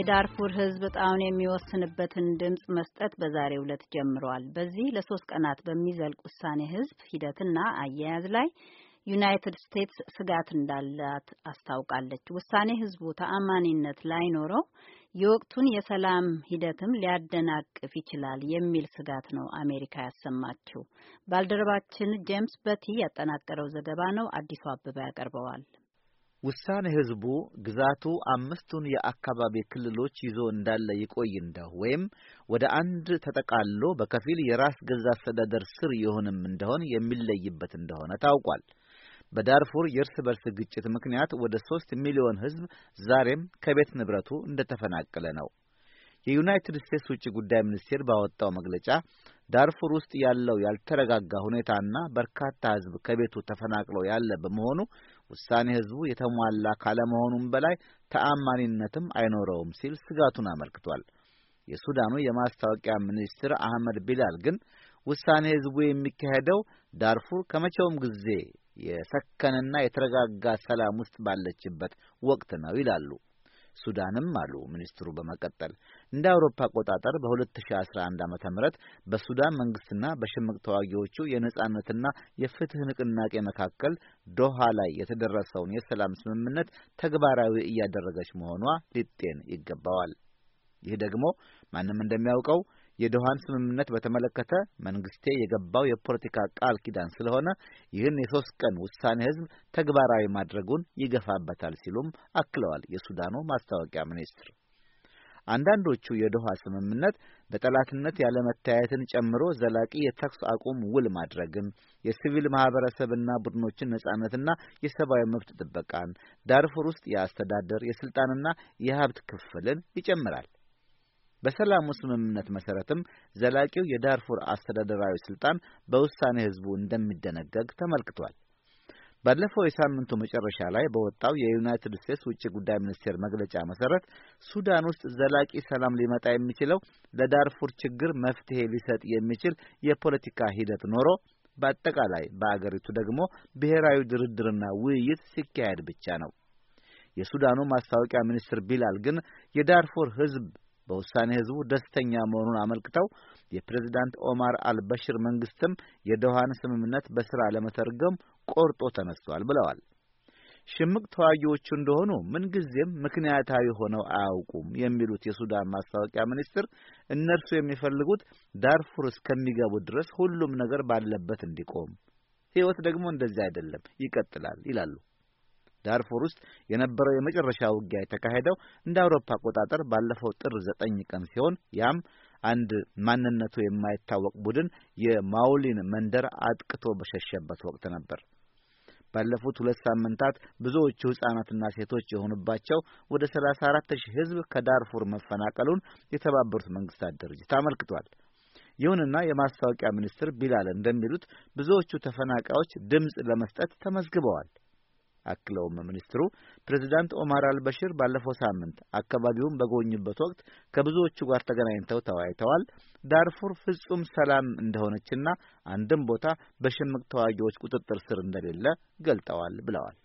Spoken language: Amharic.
የዳርፉር ህዝብ ጣውን የሚወስንበትን ድምፅ መስጠት በዛሬው ዕለት ጀምሯል። በዚህ ለሶስት ቀናት በሚዘልቅ ውሳኔ ህዝብ ሂደትና አያያዝ ላይ ዩናይትድ ስቴትስ ስጋት እንዳላት አስታውቃለች። ውሳኔ ህዝቡ ተአማኒነት ላይኖረው የወቅቱን የሰላም ሂደትም ሊያደናቅፍ ይችላል የሚል ስጋት ነው አሜሪካ ያሰማችው። ባልደረባችን ጄምስ በቲ ያጠናቀረው ዘገባ ነው፣ አዲሱ አበባ ያቀርበዋል። ውሳኔ ህዝቡ ግዛቱ አምስቱን የአካባቢ ክልሎች ይዞ እንዳለ ይቆይ እንደሁ ወይም ወደ አንድ ተጠቃሎ በከፊል የራስ ገዛ አስተዳደር ስር ይሆንም እንደሆን የሚለይበት እንደሆነ ታውቋል። በዳርፉር የእርስ በርስ ግጭት ምክንያት ወደ ሶስት ሚሊዮን ህዝብ ዛሬም ከቤት ንብረቱ እንደተፈናቀለ ነው። የዩናይትድ ስቴትስ ውጭ ጉዳይ ሚኒስቴር ባወጣው መግለጫ ዳርፉር ውስጥ ያለው ያልተረጋጋ ሁኔታና በርካታ ህዝብ ከቤቱ ተፈናቅሎ ያለ በመሆኑ ውሳኔ ህዝቡ የተሟላ ካለመሆኑም በላይ ተአማኒነትም አይኖረውም ሲል ስጋቱን አመልክቷል። የሱዳኑ የማስታወቂያ ሚኒስትር አህመድ ቢላል ግን ውሳኔ ህዝቡ የሚካሄደው ዳርፉር ከመቼውም ጊዜ የሰከነና የተረጋጋ ሰላም ውስጥ ባለችበት ወቅት ነው ይላሉ። ሱዳንም አሉ ሚኒስትሩ በመቀጠል እንደ አውሮፓ አቆጣጠር በ2011 ዓ ም በሱዳን መንግስትና በሽምቅ ተዋጊዎቹ የነጻነትና የፍትህ ንቅናቄ መካከል ዶሃ ላይ የተደረሰውን የሰላም ስምምነት ተግባራዊ እያደረገች መሆኗ ሊጤን ይገባዋል። ይህ ደግሞ ማንም እንደሚያውቀው የዶሃን ስምምነት በተመለከተ መንግስቴ የገባው የፖለቲካ ቃል ኪዳን ስለሆነ ይህን የሶስት ቀን ውሳኔ ህዝብ ተግባራዊ ማድረጉን ይገፋበታል ሲሉም አክለዋል። የሱዳኑ ማስታወቂያ ሚኒስትር አንዳንዶቹ የዶሃ ስምምነት በጠላትነት መታየትን ጨምሮ ዘላቂ የተኩስ አቁም ውል ማድረግን፣ የሲቪል ማህበረሰብና ቡድኖችን ነጻነትና የሰብአዊ መብት ጥበቃን፣ ዳርፉር ውስጥ የአስተዳደር የስልጣንና የሀብት ክፍልን ይጨምራል። በሰላሙ ስምምነት መሰረትም ዘላቂው የዳርፉር አስተዳደራዊ ስልጣን በውሳኔ ህዝቡ እንደሚደነገግ ተመልክቷል። ባለፈው የሳምንቱ መጨረሻ ላይ በወጣው የዩናይትድ ስቴትስ ውጭ ጉዳይ ሚኒስቴር መግለጫ መሰረት ሱዳን ውስጥ ዘላቂ ሰላም ሊመጣ የሚችለው ለዳርፉር ችግር መፍትሄ ሊሰጥ የሚችል የፖለቲካ ሂደት ኖሮ በአጠቃላይ በአገሪቱ ደግሞ ብሔራዊ ድርድርና ውይይት ሲካሄድ ብቻ ነው። የሱዳኑ ማስታወቂያ ሚኒስትር ቢላል ግን የዳርፉር ህዝብ በውሳኔ ህዝቡ ደስተኛ መሆኑን አመልክተው የፕሬዝዳንት ኦማር አልበሽር መንግስትም የዶሃን ስምምነት በስራ ለመተርገም ቆርጦ ተነስቷል ብለዋል። ሽምቅ ተዋጊዎቹ እንደሆኑ ምንጊዜም ምክንያታዊ ሆነው አያውቁም የሚሉት የሱዳን ማስታወቂያ ሚኒስትር እነርሱ የሚፈልጉት ዳርፉር እስከሚገቡት ድረስ ሁሉም ነገር ባለበት እንዲቆም፣ ሕይወት ደግሞ እንደዚህ አይደለም ይቀጥላል ይላሉ። ዳርፎር ውስጥ የነበረው የመጨረሻ ውጊያ የተካሄደው እንደ አውሮፓ አቆጣጠር ባለፈው ጥር ዘጠኝ ቀን ሲሆን ያም አንድ ማንነቱ የማይታወቅ ቡድን የማውሊን መንደር አጥቅቶ በሸሸበት ወቅት ነበር። ባለፉት ሁለት ሳምንታት ብዙዎቹ ሕፃናትና ሴቶች የሆኑባቸው ወደ 34 ሺህ ሕዝብ ከዳርፉር መፈናቀሉን የተባበሩት መንግስታት ድርጅት አመልክቷል። ይሁንና የማስታወቂያ ሚኒስትር ቢላል እንደሚሉት ብዙዎቹ ተፈናቃዮች ድምፅ ለመስጠት ተመዝግበዋል። አክለውም ሚኒስትሩ ፕሬዚዳንት ኦማር አልበሽር ባለፈው ሳምንት አካባቢውን በጎኙበት ወቅት ከብዙዎቹ ጋር ተገናኝተው ተወያይተዋል። ዳርፉር ፍጹም ሰላም እንደሆነችና አንድም ቦታ በሽምቅ ተዋጊዎች ቁጥጥር ስር እንደሌለ ገልጠዋል ብለዋል።